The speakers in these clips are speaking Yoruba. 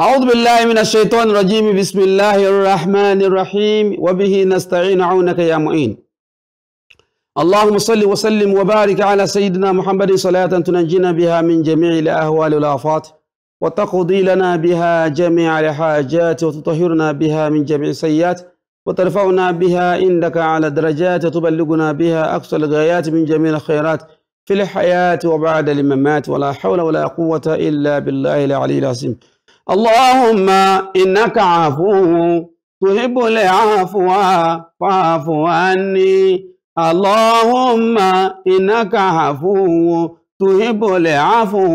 أعوذ بالله من الشيطان الرجيم بسم الله الرحمن الرحيم وبه نستعين عونك يا معين اللهم صل وسلم وبارك على سيدنا محمد صلاة تنجينا بها من جميع الأهوال والآفات وتقضي لنا بها جميع الحاجات وتطهرنا بها من جميع السيئات وترفعنا بها عندك على درجات وتبلغنا بها أقصى الغايات من جميع الخيرات في الحياة وبعد الممات ولا حول ولا قوة إلا بالله العلي العظيم اللهم إنك عفو تحب العفو فاعف عني اللهم إنك عفو تحب العفو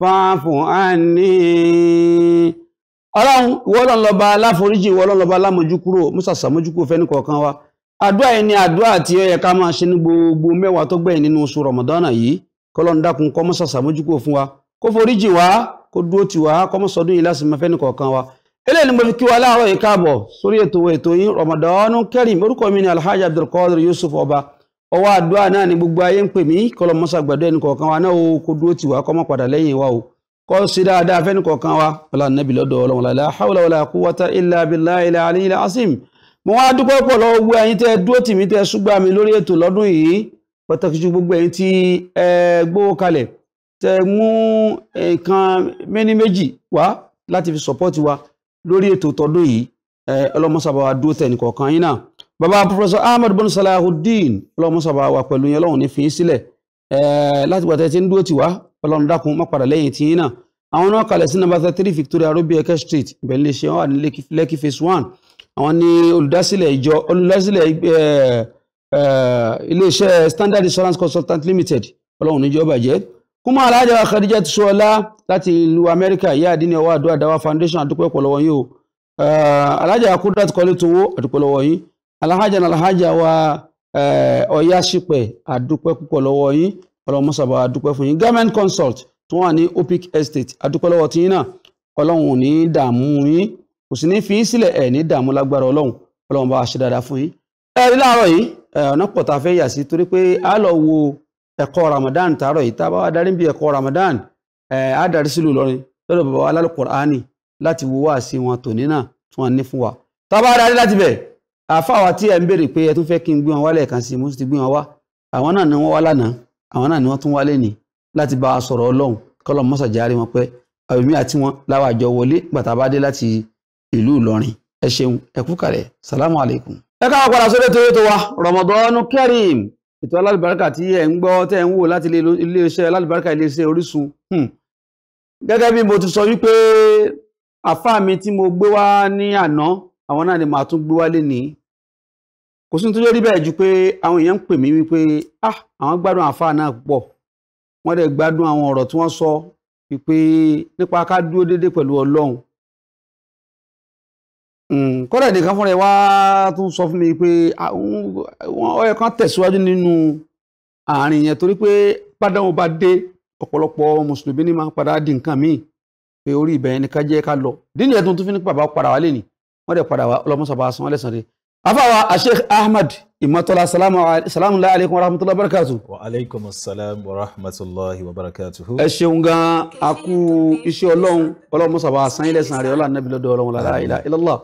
فاعف عني ọlọ́run ìwọ ọlọ́run lọ́ba aláforíjì ìwọ ọlọ́run lọ́ba alámojúkúrò mọ́sàsà mojúkúrò fẹ́ni kọ̀ọ̀kan wa àdúrà yìí ni àdúrà tí ó ká máa ṣe ní gbogbo mẹ́wàá tó gbẹ̀yìn nínú oṣù rọ̀mọ̀dánà yìí wa kó dúró tì wá kọ́mọ́sọdún yìí láti máa fẹ́ni kọ̀ọ̀kan wa eléyìí ni mo fi kí wa láàárọ̀ yìí káàbọ̀ sórí ètò ètò yín Ramadan Kareem orúkọ mi ni Alhaji Abdulkadir Yusuf Ọba ọwọ́ àdúrà náà ni gbogbo ayé ń pè mí kọlọmọsà gbàdọ ẹnì kọ̀ọ̀kan wa náà o kó dúró tì wá kọ́mọ́ padà lẹ́yìn wa o kọ́ sí dáadáa fẹ́ni kọ̀ọ̀kan wa wàlá nàbì lọ́dọ̀ ọlọ́run la hawla wàlá quwwata illa billahi ilà aliyil azim mo wá dúpẹ́ pọ̀ lọ́wọ́ gbogbo ẹ̀yin tẹ́ dúró tì mí tẹ́ súgbà mi lórí ètò tẹ mú nǹkan méní méjì wá láti fi sọpọ́ọ̀tì wa lórí ètò tọdún yìí ọlọ́mọsàbà wa dúró tẹ̀ nìkọ̀ọ̀kan yín náà bàbá Professor Ahmed bin Salahuddin ọlọ́mọsàbà wa pẹ̀lú yẹn ọlọ́run ní fi í sílẹ̀ láti gbàtẹ́ tí ń dúró tì wá ọlọ́run dákun má padà lẹ́yìn tí yín náà àwọn náà kalẹ̀ sí number thirty three Victoria Ruby Eke Street ìbẹ̀lẹ̀ ṣe wà ní Lekki phase one àwọn ní olùdásílẹ̀ ìjọ olùdásílẹ̀ iléeṣẹ́ Standard Insurance Consultant Limited ọlọ́run níjọba jẹ́ kúmọ̀ alájà Khadija ti ṣọlá láti ìlú amẹ́ríkà ìyá àdínní ọwọ́ àdó àdáwà foundation àdúpẹ́ pọ̀lọ́wọ́ yìí o eh, alájà Kudrat kọ́lé towó àdúpẹ́ lọ́wọ́ yín aláhájà aláhájà wa ọ̀yá eh, ṣípẹ̀ àdúpẹ́ púpọ̀ lọ́wọ́ yín ọlọ́mọ sábà àdúpẹ́ fún yín government consult tó wà ní opic estate àdúpẹ́ lọ́wọ́ tí yín náà ọlọ́run ò ní dààmú yín kò sì ní fi yín sílẹ̀ ẹ̀ ní dààmú lágbára ọlọ́run ọlọ́run bá eh, a ẹ̀kọ́ Ramadan tààrọ̀ yìí tá a bá wá darí bí ẹ̀kọ́ Ramadan ẹ̀ á darí sílùú lọ́rin lọ́dọ̀ bàbá wa lálùkùránì láti wo wáàsí wọn tòní náà tún wọn ní fún wa. tá a bá darí láti bẹ̀ àfáwa tí ẹ̀ ń béèrè pé ẹ tún fẹ́ kí n gbé wọn wálẹ̀ kan sí i mo sì ti gbé wọn wá àwọn náà ni wọ́n wá lánàá àwọn náà ni wọ́n tún wá lẹ́nìí láti bá a sọ̀rọ̀ ọlọ́run kọ́lọ̀ mọ́sàjáre wọn pẹ́ àbẹ̀mí àti wọn láwàjọ wọlé gbàtà bá dé láti ìlú Ìlọrin ẹ ṣeun ẹ kú kalẹ̀ salamu alaykum. ẹ káwọn padà sórí ètò ètò wa Ramadan Kareem ètò alálùbáríkà tí ẹ̀ ń gbọ́ tẹ́ ń wò láti iléeṣẹ́ alálùbáríkà iléeṣẹ́ Orísun hmm. gẹ́gẹ́ bí mo ti sọ wípé àfá mi tí mo gbé wá ní àná àwọn náà ni màá tún gbé wá lénìí kò sí nítorí rí bẹ́ẹ̀ ju pé àwọn èèyàn ń pè mí wípé ah àwọn gbádùn àfá náà pọ̀ wọ́n dẹ̀ gbádùn àwọn ọ̀rọ̀ tí wọ́n sọ wípé nípa ká dúró déédéé pẹ̀lú Ọlọ́run Mm, kọ́lẹ̀ nìkan fúnra ẹ̀ wá tún sọ fún mi pé ọyọ kan tẹ̀síwájú nínú àárín yẹn torí pé bádánwó bá dé ọ̀pọ̀lọpọ̀ mùsùlùmí ní máa ń padà di nǹkan míì pé orí ibẹ̀ yẹn ni ká jẹ́ ká lọ dínú ẹ̀ tuntun fi ní bàbá padà wá lẹ́nìí wọ́n dẹ̀ padà wá ọlọ́mọsàbà sanwó-ẹlẹ́sàn-án afáwa Sheikh Ahmad ìmọ̀tọ́lá salamu alaykum wa rahmatulahi wa barakatu. wa aleykum salam wa rahmatulahi wa barakatu. ẹ ṣeun gan a kú iṣẹ́ ọlọ́run ọlọ́run mọ́sàbá sanyí lẹ́sàn rẹ̀ ọlọ́run nàbí lọ́dọ̀ ọlọ́run la ilaha illallah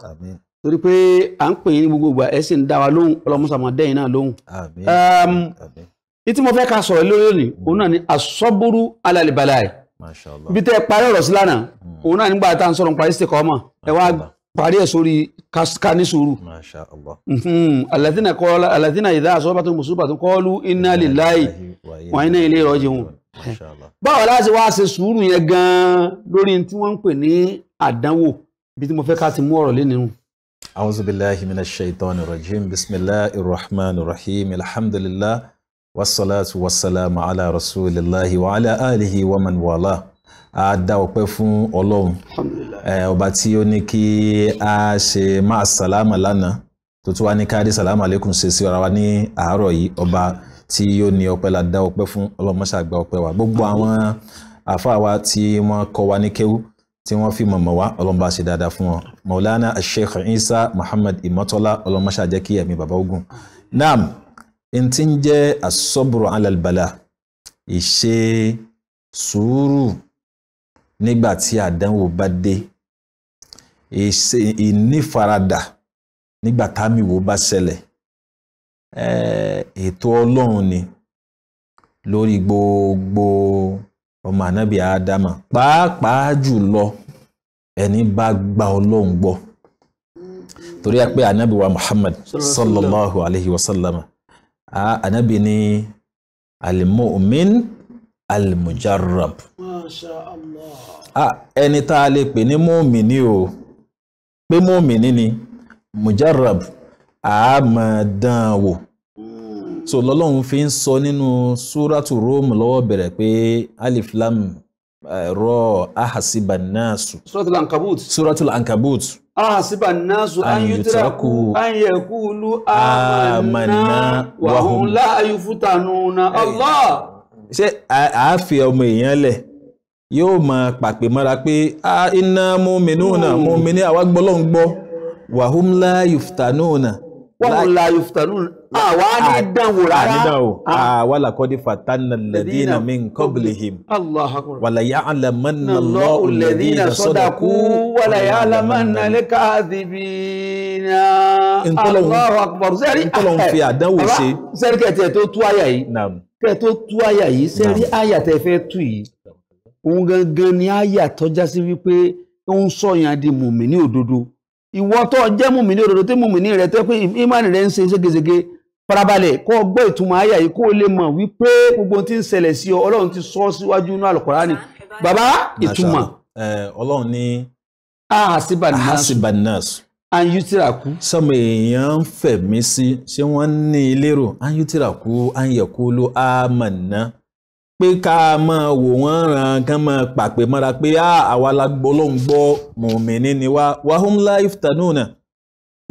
torí pé à ń pè é ní gbogbo ìgbà ẹ sì ń dá wa lóhùn ọlọ́run mọ́sàbá dẹ́yìn náà lóhùn. ìtí mo fẹ́ ká sọ̀rọ̀ lórí lónìí mm. òun náà ni asọ́búrú alálìbalà ẹ̀ bí tẹ́ parí ọ̀rọ̀ sí lánàá mm. òun náà nígbà tá à ń sọ̀rọ̀ nípa ìsìnkọ́ ọmọ ẹ wá parí ẹ̀ sórí ká ní sùúrù. Masha Allah. Hmm. Alladhina qala alladhina idha asabathum musibatun qalu inna lillahi wa inna ilayhi raji'un. Hmm. Masha Allah. báwo láti wá ṣe sùúrù yẹn gan-an lórí tí wọ́n ń pè ní àdánwò bí tí mo fẹ́ ká ti mú ọ̀rọ̀ lé nínú. A'udhu billahi minash shaitanir rajim bismillahir rahmanir rahim alhamdulillah wassalatu wassalamu ala rasulillahi wa ala alihi wa man walah a dá ọpẹ́ fún ọlọ́run eh, ọba tí ó ní kí a ṣe máa sàlámà lánàá tó tún wá ní káàdì sàlámà lẹ́kùn ṣe sí ara wa ní àárọ̀ yìí ọba tí ó ní ọpẹ́ la dá ọpẹ́ fún ọlọ́mọṣà gba ọpẹ́ wa gbogbo àwọn àfáà wa tí wọ́n kọ́ wa ní kéwú tí wọ́n fi mọ̀mọ́ wa ọlọ́mọba ṣe dáadáa fún wọn maulana sheikh isa muhammad imotola ọlọ́mọṣà jẹ́ kí ẹ̀mí bàbá ogun naam n ti ń jẹ́ asọ́bùrù alàlbàlà ìṣe sùúrù nígbà tí àdánwò bá dé ìnífaradà nígbà támìwò bá ṣẹlẹ̀ ètò ọlọ́run ni lórí gbogbo ọmọ ànábì ádámà pàápàá jùlọ ẹni bá gba ọlọ́run gbọ́ torí ẹ pé ànábì wa muhammad sallallahu alayhi wa sallam ànábì ni alimu'min almujarrab. masha allah ẹni tá a lè pè ní mọ́ọ̀mìnì o pé mọ́ọ̀mìnì ni mujarab àmọ̀dánwò so lọ́lọ́run fi ń sọ nínú súrátù róòmù lọ́wọ́ bẹ̀rẹ̀ pé alif lam rọ ahasiba naasu. súrátù ankabut. súrátù ankabut. ahasiba naasu anyutiraku anyekulu amanna wahun la ayufutanuna Allah. ṣé àáfi ọmọ èèyàn lẹ̀ yóò mọ pàpè mọ́ra pé a iná mu'minuna hmm. mu'mini àwa gbọ́ ló ń gbọ́ wahum la yuftanuna. wahum la yuftanuna àwa ní ah, dánwò ah, rárá. àwa ah. làkọ́dí fatanna alladhina min qablihim. wala ya'lamanna Allahu alladhina sadaqu wala ya'lamanna al-kadhibina. Allahu akbar sẹ́rí ntọ́lọ́hún fi eh, eh, àdánwò ṣe. sẹ́rí kẹ̀tẹ̀ tó tú àyà yìí kẹ̀ tó tú àyà yìí sẹ́rí àyà tẹ̀ fẹ́ tú yìí òun gangan ni àyà tọ́já sí wípé ó ń sọ̀yàn di mùmíní òdodo ìwọ tó jẹ́ mùmíní òdodo tí mùmíní rẹ tẹ́ pé ìmánì rẹ ń ṣe ségesège farabalẹ̀ kó o gbọ́ ìtumọ̀ àyà yìí kó o lè mọ̀ wípé gbogbo tí ń ṣẹlẹ̀ sí ọ ọlọ́run ti sọ síwájú inú àlùkùránì bàbá ìtumọ̀. ọlọ́run ní. ahasibanas. anyutiraku. sọmọ èèyàn ń fẹ̀mí sí ṣé wọ́n ní ilérò anyutiraku anyẹ̀kú ló àmàna pé ká máa wò wọ́n ràn kán máa pàpè mọ́ra pé àwa la Ọlọ́run gbọ́ mùmíní ni wá wàhùn láìf tanúnà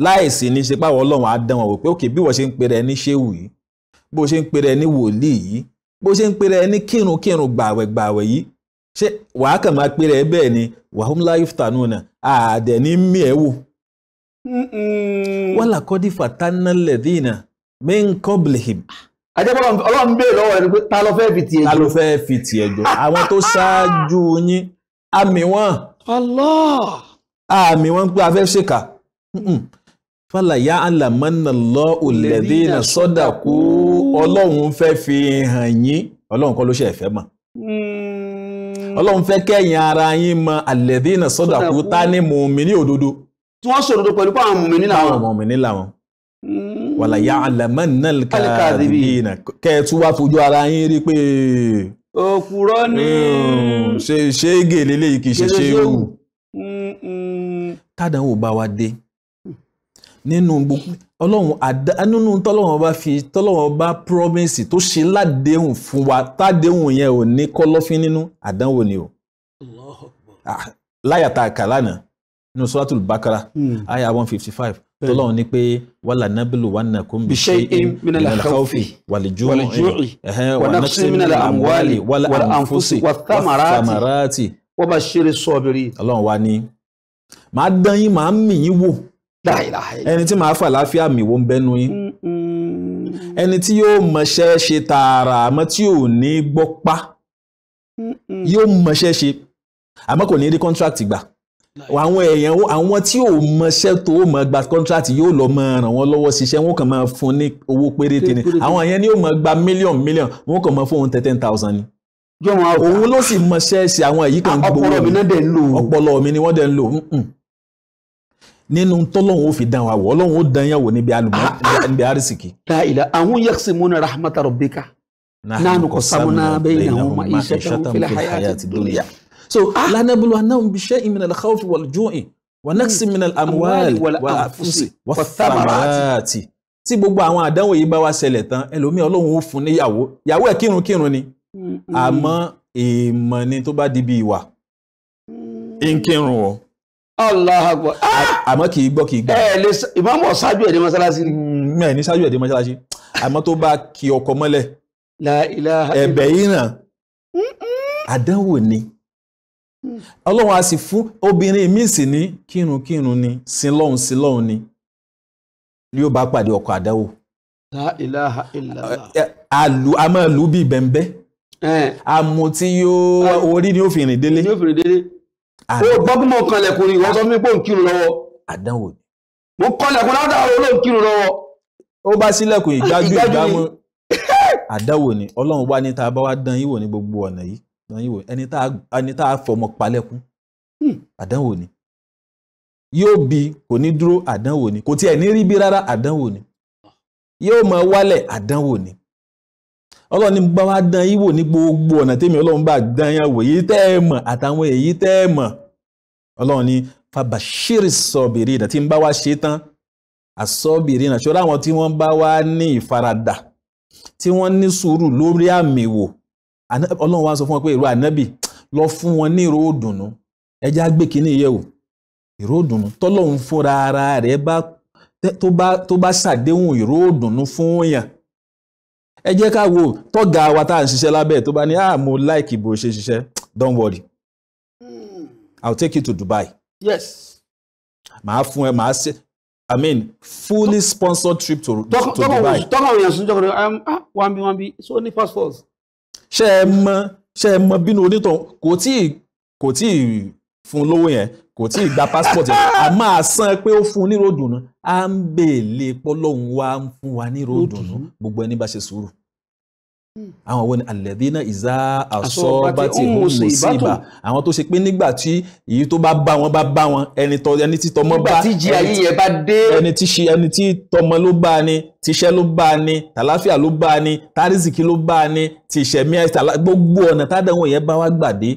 láìsí ní ṣe páwọ́ Ọlọ́run á dán wọn wò pé òkè bí wọ́n ṣe ń pèrè ní ṣéwù yìí bó ṣe ń pèrè ní wòlíì yìí bó ṣe ń pèrè ní kírunkírun gbàwẹ̀gbàwẹ̀ yìí ṣé wàá kàn máa pèrè bẹ́ẹ̀ ni wàhùn láìf tanúnà àdẹ̀ ní mí ẹ̀ wò. wọ́n làkọ́ dí fatanalẹ̀ ajẹ́pọ̀ ọlọ́run bèèrè lọ́wọ́ rẹ̀ pé ta ló fẹ́ fi tiẹ̀ jọ. ta ló fẹ́ fi tiẹ̀ jọ àwọn tó ṣáájú yín àmì wọn. Allah. àmì wọn pé a fẹ́ ṣèkà. fàlà yá àlàmánà lọ òlẹ̀dẹ́ iná sọ́dà kú ọlọ́run fẹ́ fi hàn yín ọlọ́run kọ́ ló ṣe ẹ̀fẹ́ mọ̀. Hmm. ọlọ́run fẹ́ kẹ́yìn ara yín mọ àlẹ̀dẹ́ sọ́dà kú ta mùmí ní òdodo. tí wọ́n ṣòdodo pẹ̀lú pé mùmí ní làwọn. àwọn mùmí ní làwọn. Hmm wàlà yà àlàmánà kàdìbìnà kẹ́ ẹ tún wá fojú ara yín rí pé. òpùrọ́ ni. Hmm, ṣe ṣe gèlè léyìí kì í ṣe ṣe wù. tádàwọ̀ bá wa dé nínú gbogbo ọlọ́run àdá nínú tọ́lọ́run ọba fi tọ́lọ́run ọba promise tó ṣe ládéhùn fún wa tádéhùn yẹn ò ní kọ́lọ́fín nínú àdánwò ni o. Ah, láyà tá nínú suratul bakara aya hmm. one fifty five tọ́lọ́run ni pé wàlà nábìlù wà nà kún bí ṣe in minala kawfi wàlìjú wànàkṣí minala amwali wàlà anfusi wàtàmàràtì wàbà ṣeré sọ́bìrì. ọlọ́run wa ni màá dán yín màá mì yín wò ẹni tí màá fà láfíà mi wo ń bẹ́nu yín ẹni tí yóò mọṣẹ́ ṣe tààrà àmọ́ tí ò ní gbọ́pá yóò mọṣẹ́ ṣe àmọ́ kò ní rí kọ́ńtrákì gbà àwọn èèyàn àwọn tí ò mọṣẹ́ tó mọ gba kọ́ńtrátì yóò lọ mọ ràn wọ́n lọ́wọ́ ṣiṣẹ́ wọn kàn máa fún ní owó péréte ni àwọn yẹn ni yóò mọ gba mílíọ̀n mílíọ̀n wọn kàn máa fún òun ten thousand ni. òun ló sì mọṣẹ́ ṣe àwọn èyí kan gbowó ọpọlọ mi náà dẹ̀ ń lò ọpọlọ mi ni wọ́n dẹ̀ ń lò nínú tọ́lọ́hún ó fi dán wa wọ̀ ọlọ́hún ó dán yàwó níbi alùmọ́ ah, ah, ah. níbi arísìkì. láìla àwọn yaqsimuna rahmata rabbika nahnu qasamna bainahum ma'ishatahum fil hayati dunya So ah. لا نبلونهم بشيء من الخوف والجوع ونقص من الأموال والأنفس والثمرات tí gbogbo àwọn àdánwò yìí bá wá ṣẹlẹ̀ tán ẹlòmíì ọlọ́run ó fún níyàwó yàwó ẹ̀ kírunkírun ni àmọ́ èèmọ̀ ni tó bá di bí ìwà mm. ń kírun o. Allah akbar. Ah! àmọ́ kì í gbọ́ kì í gbà. ẹ lè ìmáàmù ṣáájú ẹ̀ dé mọ́ṣáláṣí. mẹ́ẹ̀ mm, ní ṣáájú ẹ̀ mọ́ṣáláṣí àmọ́ tó bá kì ọkọ mọ́lẹ̀. ẹ̀bẹ̀ yìí náà àdánwò ni ọlọ́run a sì fún obìnrin míì sì ní kírunkírun ni sinlọ́hun sinlọ́hun ni yóò bá pàdé ọkọ̀ àdáwò. La ilaha illallah. àlù a máa lù bíi bẹ́ńbẹ́. àmọ́ tí yóò orí ni ó fi rìn délé. ni ó fi rìn délé. ó gbọ́gbọ́n mọ̀ kanlẹ̀kùn ni ìwọ́n sọ fún mi pé òun kírun lọ́wọ́. àdánwò mo kanlẹ̀kùn látà olóhùn kírun lọ́wọ́. ó bá sílẹ̀kùn ìgbájú ìgbámú àdánwò ni ọlọ́run wá ní ta bá wá dán yín wò ní gbogbo ọ̀nà yìí ẹ̀yin wò ẹni tá a fọmọ palẹ́kún hmm, àdánwò ni yóò bí kò ní dúró àdánwò ni kò tiẹ̀ ní rí bí rárá àdánwò ni yóò máa wálẹ̀ àdánwò ni ọlọ́run ní bá wa dán yín ní gbogbo ọ̀nà tẹ́mi ọlọ́run bá dán wò èyí tẹ́ ẹ mọ̀ àtàwọn èyí tẹ́ ẹ mọ̀ ọlọ́run ní fabashiri sọ̀bìrì ìdá ń bá wa ṣe tán àsọ̀bìrì náà ṣọ́ra tí wọ́n bá wa ní ìfaradà tí wọ́n ní sùúrù lórí àmì wò ọlọ́run wá sọ fún wọn pé ìró ànábì lọ fún wọn ní ìró òdùnnú ẹja gbé kínní yẹ̀wò ìró òdùnnú tọ́lọ́run fúnra ara rẹ̀ bá tó bá ṣàdéhùn ìró òdùnnú fún yàn ẹ jẹ́ ká wo tọ́gà wa tá à ń ṣiṣẹ́ lábẹ́ tó bá ní ah mo like bó ṣe ṣiṣẹ́ don't worry hmm. i'll take you to Dubai. yes. màá fún ẹ màá ṣe i mean fully sponsored trip to, to Dubai. tọ́kàn òyìnbó tọ́kàn òyìnbó ṣùgbọ́n ah wambi wambi so ní passports ṣé ẹ mọ ṣé ẹ mọ bínú onítàn kò tí kò tí fún lówó yẹn kò tí gba passport yẹn a máa san pé ó fún níròdùnú à ń bèèlè pọlọ́hún wa ń fún wa níròdùnú gbogbo ẹni bá ṣe sùúrù àwọn wo ni alẹ́dínà ìzá àsọ́bàtì mùsíbà àwọn tó ṣe pé nígbà tí èyí tó bá bá wọn bá bá wọn ẹni tọ ẹni tí tọmọ bá nígbà tí jí ayé yẹn bá dé ẹni tí ṣe ẹni tí tọmọ ló bá ni tíṣẹ́ ló bá ni tàláfíà ló bá ni tárísìkì ló bá ni tìṣẹ̀mí gbogbo ọ̀nà tádàwọn yẹn bá wá gbàdé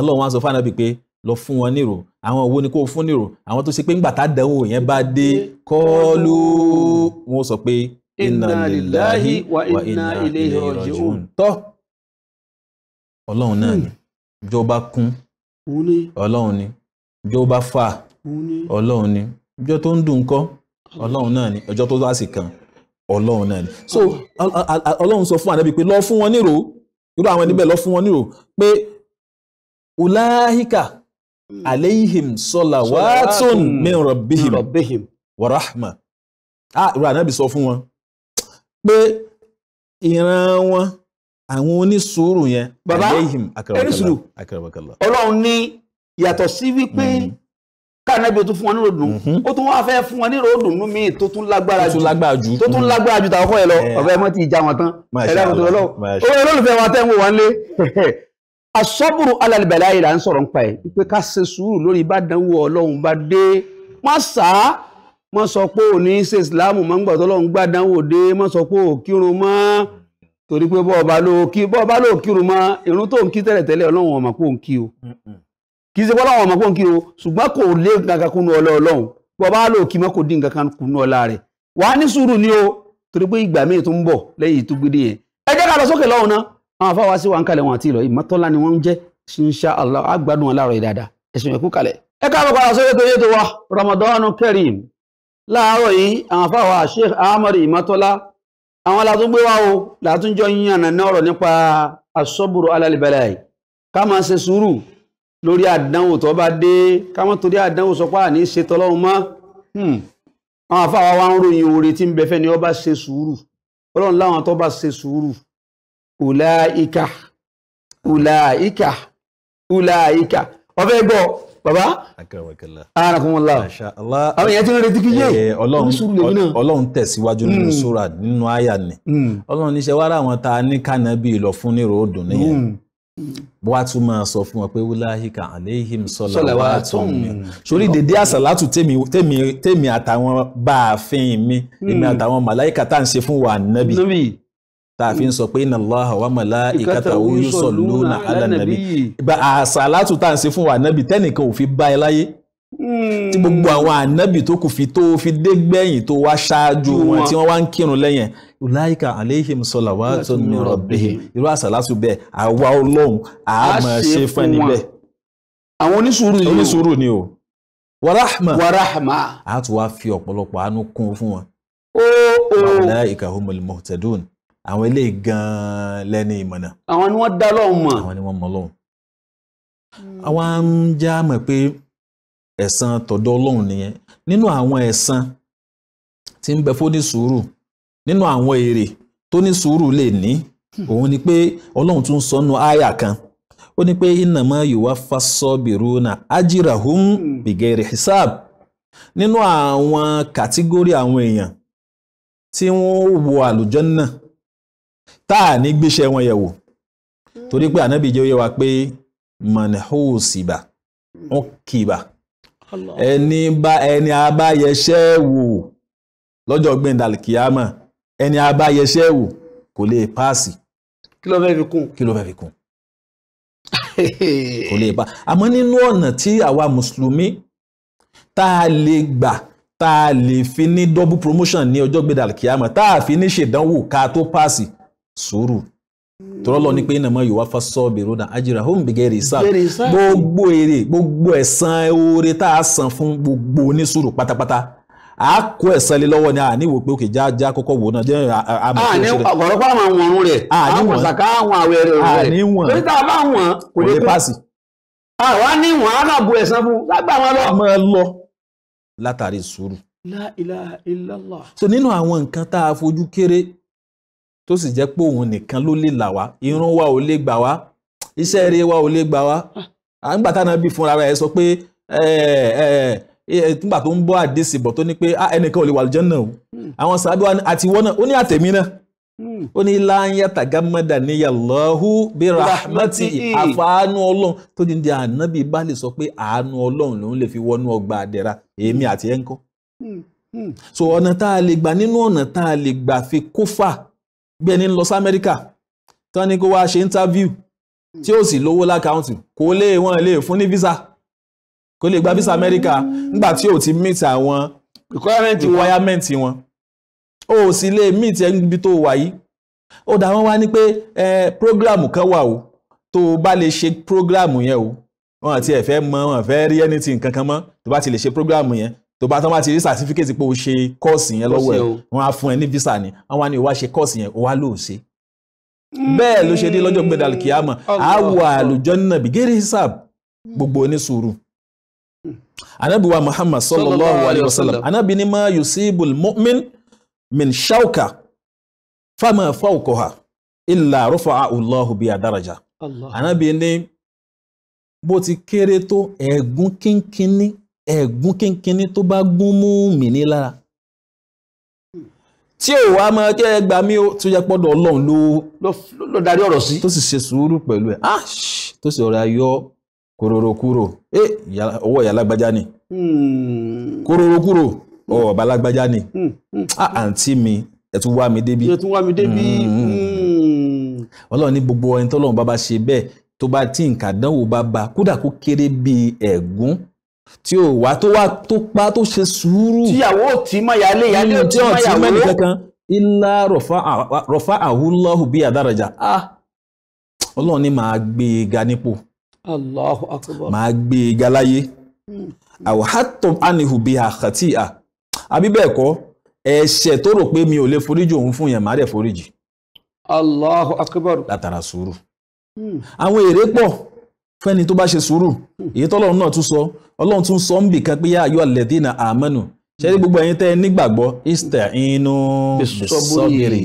Ọlọ́run wá sọ fún pé lọ fún wọn nírò àwọn wo ni kó fún nírò àwọn tó ṣe pé ńgbà tádàwọn yẹn bá dé kọ́ ló wọn sọ pé inna lillahi wa inna ilayhi raji'un. tọ́ ọlọ́run náà hmm. ni bí ó bá kún ọlọ́run ni bí ó bá fà ọlọ́run ni ọjọ́ tó ń dùn ńkọ́ hmm. ọlọ́run náà ni ọjọ́ tó wá sí kan ọlọ́run náà ni. so hmm. ọlọ́run sọ fún ànábì pé lọ fún wọn nírò irú àwọn ẹni bẹ́ẹ̀ lọ fún wọn nírò pé ulahika aleihim salawatun min rabbihim wa rahma ah irú ànábì sọ fún wọn pé ìran wọn àwọn onísùúrù yẹn baba ẹnisùúrù ọlọ́run ní yàtọ̀ sí wípé mm-hmm. káànábi tó fún wọn ní ròdùnú mm-hmm. ó tún wá fẹ́ fún wọn ní ròdùnú míì tó tún lágbára jù tó tún mm-hmm. lágbára jù tàwọn ẹ lọ ọ̀fẹ́ mọ́ ti ìjà wọn tán ẹ̀dá kò tó lọ́wọ́ owó olólùfẹ́ wa tẹ́wọ́ wọn lé asọ́bùrù alàlìbẹ̀lẹ̀ ayé là ń sọ̀rọ̀ ń pa ẹ̀ pé ká ṣe sùúrù lórí bá ọlọ́run bá dé má sàá mọ́ sọ pé ò ní ṣe ìsìláàmù mọ́ ń gbà tọ́lọ́run gbàdánwò dé mọ́ sọ pé ò kírun mọ́ torí pé bọ́ ọba ló kí bọ́ ọba ló kírun mọ́ irun tó ń kí tẹ́lẹ̀ tẹ́lẹ̀ ọlọ́run ọmọ pò ń kí o kì í ṣe pé ọlọ́run ọmọ pò ń kí o ṣùgbọ́n kò lé nǹkan kúnú ọlọ ọlọ́run bọ́ ọba ló kí mọ́ kò dín nǹkan kúnú ọlá rẹ̀ wà á ní sùúrù ni o torí pé ìgbà míì tó ń bọ̀ lẹ́yìn tó gbédè yẹn ẹ jẹ́ ká lọ sókè lọ́hùn náà àwọn afáwa sí wa ń kalẹ̀ wọn àti ìlọ ìmọ̀tọ́lá ni wọ́n ń jẹ́ insha Allah á gbádùn wọn láàárọ̀ ìdáadáa ẹ̀sùn ẹ̀kú kalẹ̀ ẹ káàbọ̀ padà sókè Kareem láàárọ̀ yìí àwọn fáwọn Sheikh Ahmad Ìmọ́tọ́lá àwọn alátúngbé wá o látúnjọ yíyànà náà ọ̀rọ̀ nípa asọ́bùrù alálìbẹ̀lẹ̀ yìí ká máa ṣe sùúrù lórí àdánwò tó bá dé ká má torí àdánwò sọpá àní ṣe tọ́lọ́run mọ́ hmm. àwọn fáwọn wa ń ròyìn oore tí ń bẹ fẹ́ ni ó bá ṣe sùúrù ọlọ́run láwọn tó bá ṣe sùúrù ùlà ìkà ùlà ìkà ùlà ìkà ọ̀fẹ́ gbọ́ baba arakunla àwọn èèyàn ti ń retí kí yé eh, eh, ọlọ́run tẹ̀síwájú nínú hmm. sura nínú àyà ni hmm. ọlọ́run níṣẹ́ wàrà àwọn tá a ní kànábì lọ fún nírò òdùn nìyẹn bó hmm. a tún máa sọ fún wọn pé wúláhíkà àléhìm sọlàwàtún mi sórí dédé àsàlátù tèmi àtàwọn bá a fín mi èmi àtàwọn màláìkà tá à ń ṣe fún wa nàbì tààfin sọ pé inna Allaha wa malaikatahu yusalluna ala nabi àṣàlátù tá à ń ṣe fún wa nábì tẹ́nìkan ò fi bá ẹ láyé hmm. tí gbogbo àwọn ànábì tó kù fi tó fi dé gbẹ̀yìn tó wá ṣáájú wọn tí wọ́n wá ń kírun lẹ́yìn ulaika aleihim salawatun min rabbihim irú àṣàlátù bẹ́ẹ̀ àwa ọlọ́run a ṣe fún ẹni àwọn onísùúrù ni o onísùúrù a tún wá fi ọ̀pọ̀lọpọ̀ àánú kún fún wọn. Oh, oh. àwọn eléyìí gan-an lẹ́ni ìmọ̀nà. àwọn ni wọ́n dá lọ́hùn mọ̀. àwọn ni wọ́n mọ̀ lọ́hùn. Hmm. àwa ń já mọ̀ pé ẹ̀san tọ̀dọ̀ ọlọ́run nìyẹn nínú àwọn ẹ̀sán tí ń bẹ fóní sùúrù nínú àwọn èrè tó ní sùúrù lè ní hmm. òun ni pé ọlọ́run tún sọnù àyà kan ó ní pé innama yuwaffas sabiruna ajrahum hmm. bighairi hisab nínú àwọn kàtígórì àwọn èèyàn tí wọ́n wọ àlùjánnà náà tá à ní gbéṣẹ́ wọn yẹ̀ wò hmm. torí pé ànábì jẹ́ oyé wa pé mọ̀nìhóòsìbà ó kìbà ẹni bá ẹni abáyẹṣẹ́ wò lọ́jọ́ gbẹ̀ndàlìkìyàmọ̀ ẹni abáyẹṣẹ́ wò kò lè paasi. kí ló fẹ́ fi kún. kí ló fẹ́ fi kún. kò lè pa àmọ́ nínú ọ̀nà tí àwa mùsùlùmí tá a lè gbà tá a lè fi ní double promotion ní ọjọ́ gbẹ̀dàlìkìyàmọ̀ tá a fi ní ṣèdánwò ká tó paasi sùúrù tọ́lọ́ ní pé ìnàmọ́ yóò wá fásọ́ bèrò náà ajíra home bigger research gbogbo èrè gbogbo ẹ̀san oore tá a san fún gbogbo onísùúrù pátápátá a kó ẹ̀san lé lọ́wọ́ ni a ní wò pé òkè jájá kọ́kọ́ wò náà jẹ́ àmọ́ òṣèré. a ní ọ̀pọ̀lọpọ̀ àwọn ọ̀run rẹ̀ àwọn ọ̀sàkà àwọn àwẹ̀ rẹ̀ a lórí tá a bá wọ̀n kò lè a àwa ní wọn a náà bu ẹ̀san fún lágbà wọn lọ. a máa lọ látàrí sùúrù. la ilaha illallah. so nínú àwọn nǹkan tá a fojú kéré tó sì jẹ́ pé òun nìkan ló lè là wá irun wa ò lè gbà wá iṣẹ́ eré wa ò lè gbà wá àgbà táwọn bí fúnra rẹ̀ sọ pé nígbà tó ń bọ́ àdìsí bọ̀ tó ní pé ah, ẹnìkan ò lè wà lójọ́ náà o àwọn sàbí wa àti ìwọ náà ó ní àtẹ̀mí náà hmm. ó ní láyé tàgámọ́dà ní yàlọ́hù bí rahmati àfàánú ọlọ́run tó ní di ànábì bá lè sọ pé àánú ọlọ́run lòún lè fi wọnú ọgbà àdẹ̀ra èmi hmm. àti ẹ̀ hmm. so ọ̀nà tá a lè gbà nínú ọ̀nà tá a lè gbà fi kófà bí ẹni ń lọ sí amẹ́ríkà tán ni kó wá ṣe interview tí ó sì lówó lákàntì kò lè wọ́n lè fún ní visa kò lè gba visa amẹ́ríkà nígbà tí ò ti meet àwọn requirement wọn o ò sì lè meet ẹ níbi tó wà yìí ó dà wọ́n wá ní pé program kan wà o tó o bá lè ṣe program yẹn o wọn àti ẹ fẹ́ mọ̀ wọn fẹ́ rí anything kankan mọ́ tó bá ti lè ṣe program yẹn tó bá tán bá ti rí certificate pé o ṣe kọ́ọ̀sì yẹn lọ́wọ́ ẹ̀ wọ́n á fún ẹ ní visa ni wọ́n wá ní o wá ṣe kọ́ọ̀sì yẹn o wá lò ó ṣe. Mm. bẹ́ẹ̀ ló ṣe dé lọ́jọ́ gbẹ̀dẹ̀ alikiyama àwọ̀ àlùjọ náà bìgẹ́rẹ́ hisab gbogbo onísùúrù. anabi wa muhammad sallallahu alayhi wa sallam anabi ni ma yusibul mu'min min shauka fama fawqaha illa rufa'a Allahu biya daraja. anabi ni bó ti kéré tó ẹ̀gún kínkínní ẹ̀gún kínkínní tó bá gún mú mi ní lára tí ò wá máa jẹ́ ẹgbà mí tó yẹ pọ́dọ̀ ọlọ́run ló ló darí ọ̀rọ̀ sí. tó sì ṣe sùúrù pẹ̀lú ẹ̀ ah, tó sì ọ̀rọ̀ ayọ́ kòròrò kúrò eh, ọwọ́ ìyá lágbájá ni hmm. kòròrò kúrò ọwọ́ ọba hmm. lágbájá ni hmm, ah, àǹtí mi ẹ̀ tún wá mi débi. ẹ̀ tún wá mi débi. ọlọ́run ní gbogbo ẹni tọ́lọ́run bá bá ṣe bẹ́ẹ̀ tó bá tí nǹkan dánwò bá ba kódà kó kéré bíi ẹ̀gún. E tí o wá tó wá tó pa tó ṣe sùúrù. tíyàwó tí yálé yálé tí ti má nìkan kan ilá rọ̀fà àhúlọ́hù bí ọlọ́run ni màá gbé e ga nípò màá gbé e ga láyé àwòhátọ̀m ánìhù bí àkàtì à àbí bẹ́ẹ̀ kọ́ ẹ̀ṣẹ̀ tó rò pé mi ò lè foríjì òun fún yẹn màá dẹ̀ foríjì. látara sùúrù hmm. àwọn èrè pọ̀ fẹ́ni tó bá ṣe sùúrù hmm. èyí sọ ọlọ́run tún sọ ń bì kan pé yá ayọ́ alladhina amanu ṣẹ́rí gbogbo ẹ̀yin tẹ́ ẹ nígbàgbọ́ ista'inu bisọ́bìrì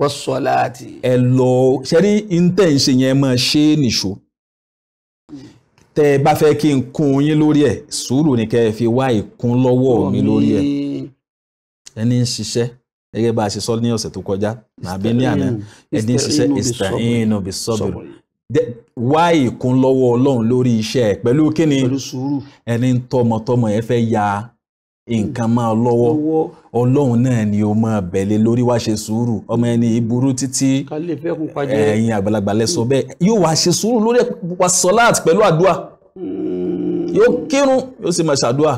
wassalati. ẹ lọ ṣẹ́rí ntẹ̀ ń ṣe yẹn máa ṣe é nìṣó tẹ́ ẹ bá fẹ́ kí n kún yín lórí ẹ̀ sùúrù ni kẹ́ ẹ fi wá ìkún lọ́wọ́ mi lórí ẹ̀ ẹni ń ṣiṣẹ́ gẹ́gẹ́ bá a ṣe sọ ní ọ̀sẹ̀ tó kọjá àbí ní àná ẹni ń ṣiṣẹ́ ista'inu bisọ́bìrì wá ìkún lọ́wọ́ ọlọ́run lórí iṣẹ́ ẹ̀ pẹ̀lú kíni ẹni tọmọtọmọ yẹn fẹ́ ya nǹkan máa lọ́wọ́ ọlọ́run náà ni o máa bẹ̀lẹ̀ lórí wá ṣe sùúrù ọmọ ẹni ìburú títí ẹ̀yin àgbàlagbà lẹ́sọ bẹ́ẹ̀ yóò wá ṣe sùúrù lórí wa sọ́láàt pẹ̀lú àdúà hmm. yóò kírun yóò sì máa ṣàdúà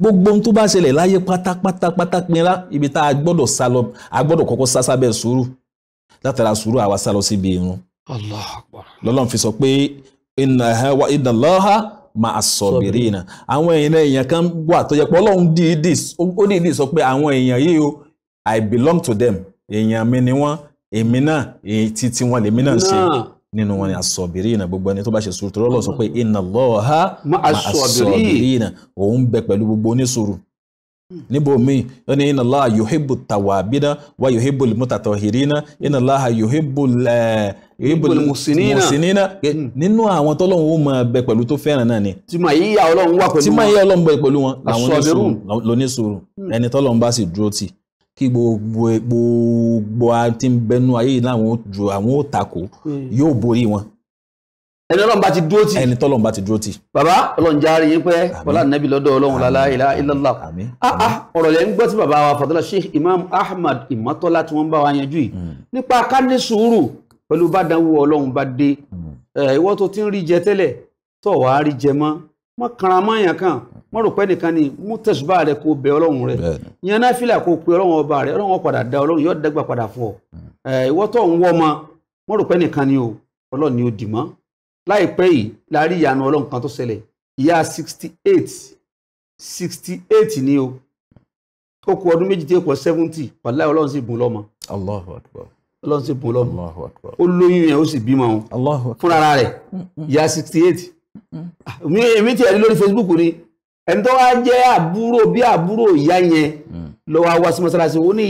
gbogbo ohun tó bá ṣẹlẹ̀ láyé pátápátá pátápínlá ibi tá a gbọ́dọ̀ sá lọ a gbọ́dọ̀ kọ́kọ́ sá sábẹ́ sùúrù látara sùúrù àwa sá lọ síbi irun lọ́lọ́run fi sọ pé inna Allaha ma'a sabirina àwọn èèyàn èèyàn kan wà tó yẹ pé ọlọ́run dìídì ó dìídì sọ pé àwọn èèyàn yìí o I belong to them èèyàn mi ni wọ́n èmi náà èyí tí tí lèmi náà ṣe nínú wọn ni as-sabirina gbogbo ẹni tó bá ṣe sùúrù tó lọ́lọ́ sọ pé inna Allaha ma'a sabirina òun bẹ pẹ̀lú gbogbo onísùúrù níbo mi ó ní inna Allah yuhibbu tawabina wa yuhibbu mutatahirina inna Allah yuhibbu eh, musinina nínú àwọn tọ́lọ́run ó máa bẹ pẹ̀lú tó fẹ́ràn náà ni. tí màá yíyá ọlọ́run wà pẹ̀lú wọn tí màá yíyá ọlọ́run bẹ pẹ̀lú wọn làwọn lóníṣòro hmm. ẹni tọ́lọ́run bá sì dúró tì kí gbogbo e, gbogbo àti bẹnu ayé làwọn ò takò hmm. yóò borí wọn ẹni ọlọ́run bá ti dúró tì. ẹni tọ́lọ́run bá ti dúró tì. bàbá ọlọ́run járe yín pẹ́ ọlá nàbí lọ́dọ̀ ọlọ́run lálá Ah ah, àà ọ̀rọ̀ lẹ́yìn gbọ́ tí bàbá wa fàtọ́lá Sheikh Imam Ahmad Ìmọ́tọ́lá tí wọ́n bá wa yanjú yìí hmm. nípa ká ní sùúrù pẹ̀lú bàdánwò ọlọ́run bá dé hmm. ìwọ tó ti ń rí jẹ tẹ́lẹ̀ tó wà á rí jẹ mọ́ mọ́ kanra mọ́ yàn kan mọ́ hmm. rò pé nìkan ni mú tẹ̀sùbá rẹ kó bẹ ọlọ́run rẹ yan náfìlà kó pe ọlọ́run ọba rẹ ọlọ́run padà da ọlọ́run yóò dẹ́gbà padà fún ọ ìwọ tó ń wọ́ ọmọ mọ́ rò pé nìkan ni o ọlọ́run ni o dì mọ́ láìpẹ́ yìí la rí ìyanu ọlọ́run kan tó ṣẹlẹ̀ ìyá sixty eight sixty eight ni o ó kù ọdún méjì tí ó kọ seventy wàláì ọlọ́run sì bùn lọ́mọ. Allahu Akbar. ọlọ́run sì bùn lọ́mọ. Allahu Akbar. ó lóyún yẹn ó sì bímọ wọn. Allahu Akbar. fúnra rẹ̀ ìyá sixty eight. Ah, èmi tí ẹ rí lórí Facebook ni ẹni tó wá jẹ́ àbúrò bí àbúrò ìyá yẹn mm lọ wá wá sí mọ́sálásí ó ní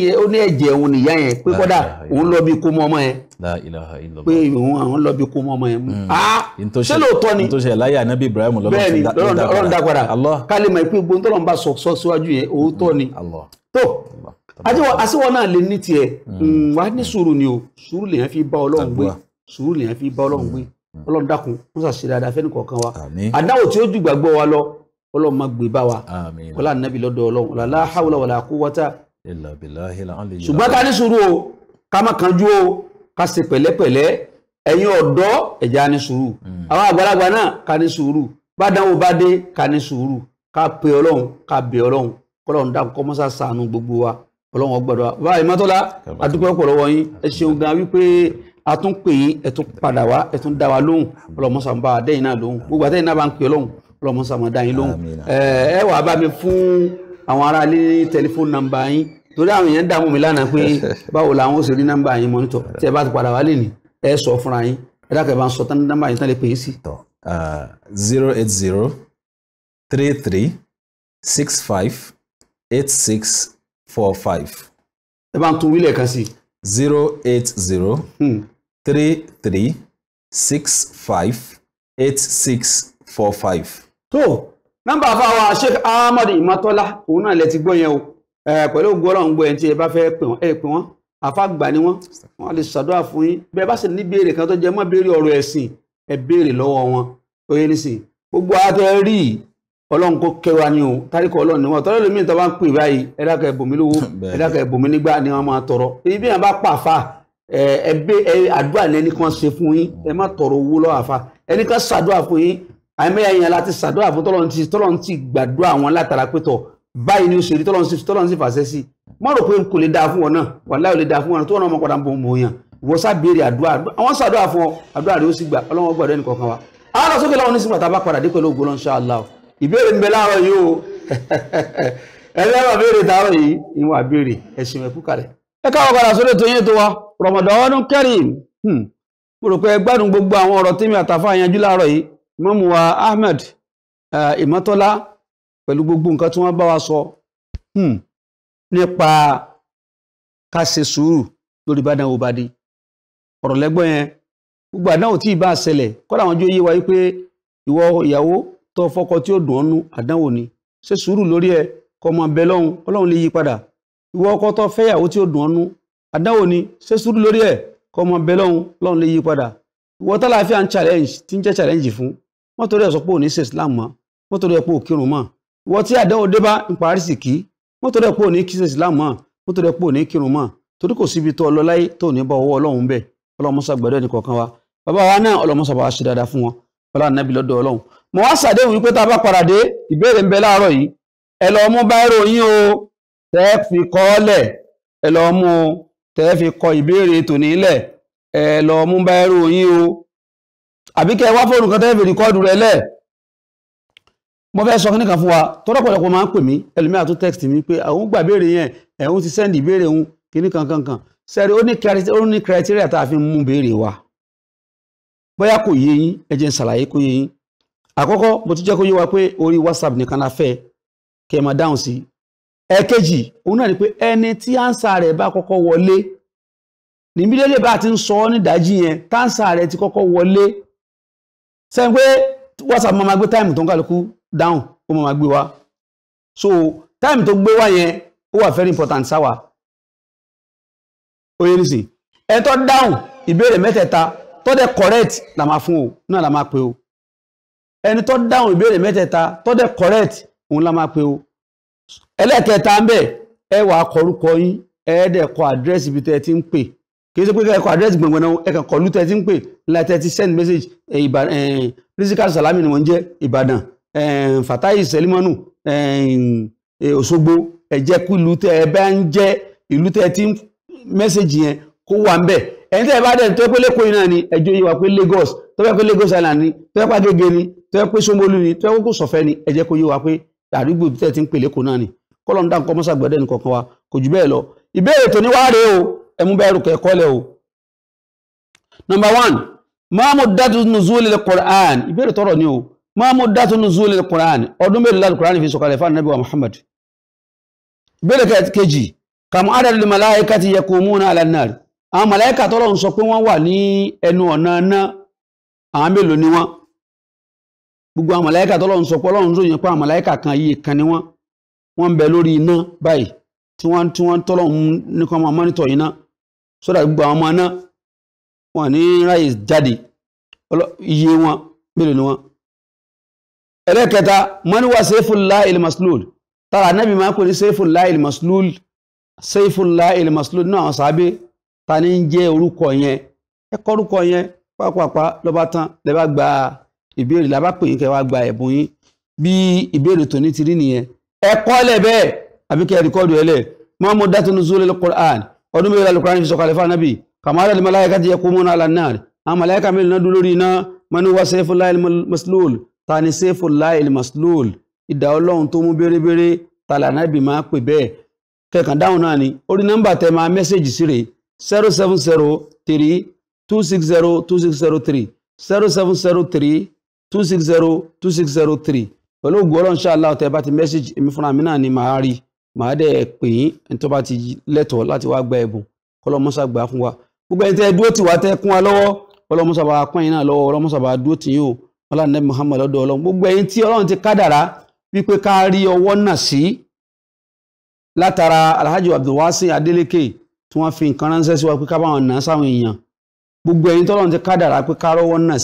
ẹ̀jẹ̀ òun nìyá yẹn pé kọ́dà òun lọ bí kó mọ́ ọmọ yẹn pé òun àwọn lọ bí kó mọ́ ọmọ yẹn hmm. ah! ṣé lóòótọ́ ni ntọ́ṣe láyé ànábì Ibrahim bẹ́ẹ̀ni lọ́rọ̀ dá padà kálí mọ̀ pé gbogbo ntọ́lọ́n bá sọ síwájú yẹn òótọ́ ni tó àṣìwọ náà lè ní tiẹ̀ hmm. Hmm, wà á ní sùúrù ni o sùúrù lèyàn fi bá Ọlọ́run gbé sùúrù lèyàn fi bá Ọlọ́run gbé Ọlọ́run dákun ó dáadáa fẹ́ni kọ̀ọ̀kan wa àdáwò tí ó jù gbàgbọ́ wa lọ ọlọ́run má gbé bá wa wọlá nàbí lọ́dọ̀ ọlọ́run wọlá láhàwọlá wọlá quwwata. ṣùgbọ́n ká ní sùúrù o ká má kanjú o ká ṣe pẹ̀lẹ́pẹ̀lẹ́ ẹ̀yin ọ̀dọ́ ẹ̀já ní sùúrù hmm. àwọn àgbàlagbà náà ká ní sùúrù bádàwọ̀ bá dé ká ní sùúrù ká pe ọlọ́run ká bẹ ọlọ́run kọ́lọ́run dákun kọ́ mọ́sá sànù gbogbo wa ọlọ́run ọgbọ́dọ̀ wa báyìí mọ́tọ́lá adúpẹ́ pọ̀ lọ́wọ́ yín ẹ ṣeun gan padà wá ẹ dá wa lóhùn ọlọ́run mọ́sá náà lóhùn gbogbo àtẹ́yìn náà bá ń pè ọlọ́run ọlọ́mọ sàmọ̀dá yín lóhùn ẹ wàá bá mi fún àwọn aráalé tẹlifóònù nàmbà yín torí àwọn èèyàn dààmú mi lánàá pé báwo làwọn ó sì rí nàmbà yín mọ́nítọ̀ tí ẹ bá ti padà wá lè ní ẹ sọ fúnra yín ẹ dákẹ́ bá ń sọ tán nàmbà yín tán lè pè é sí. zero eight zero three three six five eight six four five. ẹ bá ń tún wílẹ̀ kan sí. zero eight zero hmm. three three six five eight six four five tó nọ́mbà fáwọn Sheikh Ahmad Imotola òun náà lẹ ti gbọ́ yẹn o pẹ̀lú ògùn ọlọ́run gbọ́ ẹni tí ẹ bá fẹ́ pè wọ́n ẹ pè wọ́n àfàgbà ni wọ́n wọ́n lè ṣàdúrà fún yín bẹ́ẹ̀ bá sì ní béèrè kan tó jẹ mọ́ béèrè ọ̀rọ̀ ẹ̀sìn ẹ béèrè lọ́wọ́ wọn oyè nísìn gbogbo àtẹ rí ọlọ́run kó kẹwa ni o tárìkọ ọlọ́run ni wọn tọ́lẹ́ lómi ìta bá ń pè báyìí ẹ dákẹ́ ẹ̀bùnmi lówó ẹ dákẹ́ ẹ̀bùnmi nígbà ni wọ́n máa tọrọ ibi bí wọn bá pàfà ẹ ẹ àdúrà lẹni kan ṣe fún yín ẹ má tọrọ owó lọ́wọ́ àfa ẹnì kan ṣàdúrà fún yín àìmọye èèyàn láti ṣàdúrà fún tọ́lọ́run ti tọ́lọ́run ti gbàdúrà wọn látara pétọ̀ báyìí ni ó ṣe rí tọ́lọ́run sì fàṣẹ sí mọ́ rò pé n kò lè dáa fún wọn náà wàláhì ò lè dáa fún wọn tó wọn náà mọ̀ padà ń bọ̀ mọ̀ yàn wọ́n sábẹ́rẹ́ àdúrà àwọn ṣàdúrà fún ọ àdúrà rẹ ó sì gbà ọlọ́wọ́ gbàdúrà ẹnì kọ̀ọ̀kan wa àwọn àlọ́sókè láwọn ní sígbà tá a bá padà dé pẹ̀lú ògbólọ́ insha Allah mo rò pé gbádùn gbogbo àwọn ọ̀rọ̀ tèmi àtàfà yanjú láàárọ̀ yìí mọ́mù Ahmed Ìmọ́tọ́lá pẹ̀lú gbogbo nǹkan tí wọ́n bá wa sọ hmm, nípa ká ṣe sùúrù lórí bá dáwọ́ bá dé ọ̀rọ̀ lẹ́gbọ́n yẹn gbogbo àdáwò tí ìbá ṣẹlẹ̀ kọ́dà àwọn jóyè wa wípé ìwọ ìyàwó tó fọ́kọ tí ó dùn ọ́nú àdáwò ni ṣe sùúrù lórí ẹ kọ́ mọ bẹ lọ́hùn ọlọ́run lè yí padà ìwọ ọkọ tó fẹ́yàwó tí ó dùn ọ́nú àdáwò ni ṣe sùúrù lórí ẹ kọ́ bẹ lọ́hùn ọlọ́run lè yí padà ìwọ tálàáfíà ń challenge ti ń jẹ́ challenge fún wọ́n torí ẹ̀ sọ pé ò ní ṣe islam mọ́ wọ́n torí ẹ̀ pé ò kírun mọ́ wọ́n tí àdánwò dé bá ń parí sì kí wọ́n torí ẹ̀ pé ò ní ṣe islam mọ́ wọ́n torí ẹ̀ pé ò ní kírun mọ́ torí kò síbi tó lọ tó ní bá ọwọ́ ọlọ́run bẹ̀ ọlọ́mọṣà gbẹ̀dọ̀ ní kọ̀ọ̀kan wa bàbá wa náà ọlọ́mọṣà bá wa ṣe dáadáa fún wọn ọlá nàbí lọ́dọ̀ ọlọ́run mo wá ṣàdéhùn wípé tá a bá padà dé ìbéèrè ń bẹ láàárọ̀ yìí ẹ lọ mú báírò yín o tẹ́ fi kọ ọ́ lẹ̀ ẹ lọ mú tẹ́ fi kọ ìbéèrè tòní lẹ̀ ẹ lọ mú báírò yín o àbí kẹ́ wá fóònù kan tẹ́ẹ̀fì rìkọ́ọ̀dù rẹ̀ lẹ̀ mo fẹ́ sọ kíníkan fún wa tọ́rọ̀pọ̀lọpọ̀ máa ń pè mí ẹlòmíà tó text mi pé àwọn gbà béèrè yẹn ẹ̀hún ti send ìbéèrè òun kíníkan kankan sẹ́rí ó ní criteria tá a mú béèrè wa bóyá kò yé yín ẹ jẹ́ n ṣàlàyé kò yé yín àkọ́kọ́ mo ti jẹ́ kó yé wa pé orí whatsapp nìkan la fẹ́ kẹ́ ẹ máa dáhùn sí ẹ̀kejì òun náà ni pé ẹni tí ánsà rẹ̀ bá kọ́kọ́ wọlé níbi délé bá ti ń sọ ọ́ nídàájí yẹn táǹsà rẹ̀ ti kọ́kọ́ wọlé sẹ́yìn pé whatsapp máa gbé táìmù tó ń down dáhùn ó máa gbé wá so time to gbé wa yẹn ó wà very important sawa. ó yẹ nísìn ẹ tó dáhùn ìbéèrè to de correct la ma fún o náà là máa pe o ẹni tó dáhùn ìbéèrè mẹ́tẹ̀ẹ̀ta tó dẹ̀ correct òun la ma pe o ẹlẹ́ẹ̀kẹta ń bẹ̀ ẹ wàá kọ orúkọ yín ẹ dẹ̀ kọ àdírẹ́sì ibi tẹ́ ti ń pè kì í ṣe pé ẹ̀kọ́ àdírẹ́sì gbọ̀ngbọ̀n náà ẹ̀kàn kọlu tẹ́tí ń pè láì send message rizikal salami ni wọ́n jẹ́ ìbàdàn fatai selimanu òṣogbo ẹ̀jẹ̀ kú ìlú tẹ́ ẹ bá ń jẹ́ ìlú tẹ́tí message yẹn kó wà ń bẹ̀ ẹni tẹ́ ẹ bá dẹ̀ tó pé lẹ́kọ̀ọ́ yìí ni ẹjọ́ yìí wà pé Lagos tó pé Lagos Island ni tó fẹ́ pé Agége ni tó fẹ́ pé Ṣómólú ni tó fẹ́ kó Ṣọ̀fẹ́ ni ẹjẹ́ kó yé wa pé àdúgbò tẹ́ ti ń pè lẹ́kọ̀ọ́ náà ni kọ́lọ́ńdà ẹ mú bẹ́ẹ̀ rùkẹ́ kọ́lẹ̀ o number one ma muddatu nuzulil Qur'an ìbéèrè tọrọ ni o ma muddatu nuzulil Qur'an ọdún mélòó láti Qur'an fi sọ̀kalẹ̀ fún anabi wa Muhammad ìbéèrè kejì kàmú adadul malaikati yakumuna ala nar àwọn màláíkà tọ́lọ̀ ń sọ pé wọ́n wà ní ẹnu ọ̀nà náà àwọn mélòó ni wọ́n gbogbo àwọn màláíkà tọ́lọ̀ ń sọ pé ọlọ́run tó yẹn àwọn màláíkà kan yìí kan ni wọ́n wọ́n ń bẹ lórí iná báyìí tí wọ́n tí wọ́n tọ́lọ̀ ń máa mọ́nítọ̀ iná sódà gbogbo àwọn ọmọ náà wọn ní ráyè jáde iye wọn mélòó ni wọn. ẹlẹ́kẹta mọ́níwá sẹ́fúnlá ilmaslul tara nábì máa ń pè ní sẹ́fúnlá ilmaslul sẹ́fúnlá ilmaslul náà àwọn sàábé ta ní ń jẹ́ orúkọ yẹn ẹ kọ orúkọ yẹn pápápá lọ́ba tán lẹ́bàá gba ìbéèrè làbá pè yín kẹ́ wá gba ẹ̀bùn yín bí ìbéèrè tòní ti rí nìyẹn ẹ kọ́ lẹ̀ àbíkẹ́ rìkọ́dù ẹ̀ mọ́mú dátúnú zúlẹ̀ Qur'an ọdún mẹ́rin alukurani fi sọ̀kalẹ̀ fún anabi kàmáàdà ni malayika ti yẹ kó múna alanar àwọn malayika mẹ́rin náà dúró lórí iná mani wa sefu lail maslul ta ni sefu lail maslul ìdá ọlọ́run tó mú bérebére ta là anabi máa pè bẹ́ẹ̀ kẹkàn dáhùn náà ni orí nọ́mbà tẹ máa mẹ́sẹ̀gì sí rè zero seven zero three two six zero two six zero three zero seven zero three two six zero two six zero three pẹ̀lú ògùn ọlọ́run ṣáà láwùtẹ́ bá ti mẹ́sẹ̀gì èmi fúnra mi náà ni màá rí i màá dẹ̀ pè yín ẹni tó bá ti lẹ́tọ̀ọ́ láti wá gba ẹ̀bùn kọ́lọ́mọ́sá gbà fún wa gbogbo ẹni tẹ́ dúró tì wá tẹ́ kún wa lọ́wọ́ kọ́lọ́mọ́sá bá kún yín náà lọ́wọ́ kọ́lọ́mọ́sá bá dúró tì yín o ọlá ní Muhammad lọ́dọ̀ ọlọ́run gbogbo ẹ̀yin tí ọlọ́run ti kádàrá wípé ká rí ọwọ́ náà sí látara Alhaji Abdulwasin Adeleke tí wọ́n fi nǹkan ránṣẹ́ sí wa pé ká bá wọn nà sáwọn èèyàn gbogbo ẹ̀yin tọ́lọ́run ti kádàrá pé ká rọ́wọ́ náà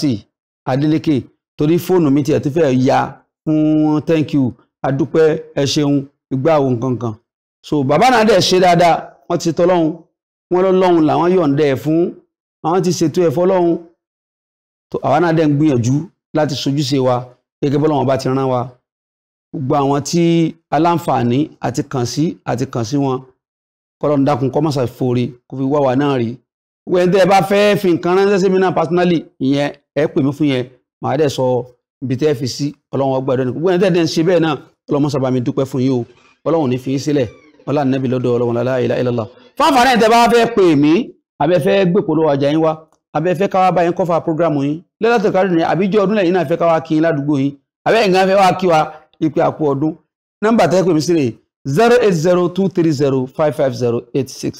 sí Adeleke torí fóònù mi tiẹ̀ ti fẹ́ ya fún thank you adúpẹ́ ẹ ṣeun ìgbà wo nǹkan so bàbá náà dẹ̀ ṣe dáadáa wọ́n ti tọ́lọ́hún wọ́n lọ́lọ́hún làwọn yọ̀ǹda ẹ̀ fún àwọn ti ṣètò ẹ̀ fọ́lọ́hún àwa náà dẹ̀ ń gbìyànjú láti sojúṣe wa gẹ́gẹ́ bọ́lọ́wọ́n bá ti rán wa gbogbo àwọn tí aláǹfààní àti kàn sí àti kàn sí wọn kọlọ́n dákun kọ́ fòrè kó fi wá wa náà rí gbogbo bá fẹ́ fi nǹkan ránṣẹ́ sí mi náà personally ìyẹn ẹ pè mí fún yẹn màá dẹ̀ sọ ibi tẹ́ fi sí ọlọ́run ọgbà ìdọ́ni gbogbo ẹni tẹ́tẹ́ ń ṣe bẹ́ẹ̀ náà ọlọ́run sábà mi dúpẹ́ fún yín o ọlọ́run ní fi í sílẹ̀ ọlá nẹ́bí lọ́dọ̀ ọlọ́run lálá ilá ilọ́lá fáfàrẹ́ tẹ́ bá fẹ́ pè mí abẹ́fẹ́ gbèpolówó ọjà yín wá abẹ́fẹ́ káwá bá yín kọ́fà prógrámù yín lẹ́lẹ́tọ̀ kárí ni àbíjọ ọdún lẹ́yìn náà fẹ́ káwá kí yín ládùúgbò yín abẹ́ nǹkan fẹ́ wá kí wa ìpè àpò ọdún nọ́mbà tẹ́ pè mí sílẹ̀ zero eight zero two three zero five five zero eight six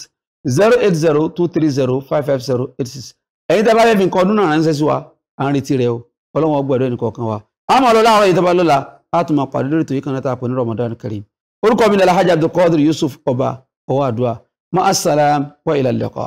zero eight zero two three zero five five zero eight six ẹ̀yin tẹ́ bá fẹ́ fi nǹkan ọdún náà ránṣẹ́ sí wa à ń retí rẹ o ọlọ́wọ́n ọgbọ́ ẹ̀rọ ẹnìkọ̀ọ̀kan wa a máa lọ láàárọ̀ ìjọba lọ́la a tún máa pàdé lórí tòyí kan náà tá a pè ní Ramadan Kareem orúkọ mi ni Alhaji Abdulkadir Yusuf ọba ọwọ́ àdúrà ma assalam wa ilal liqa.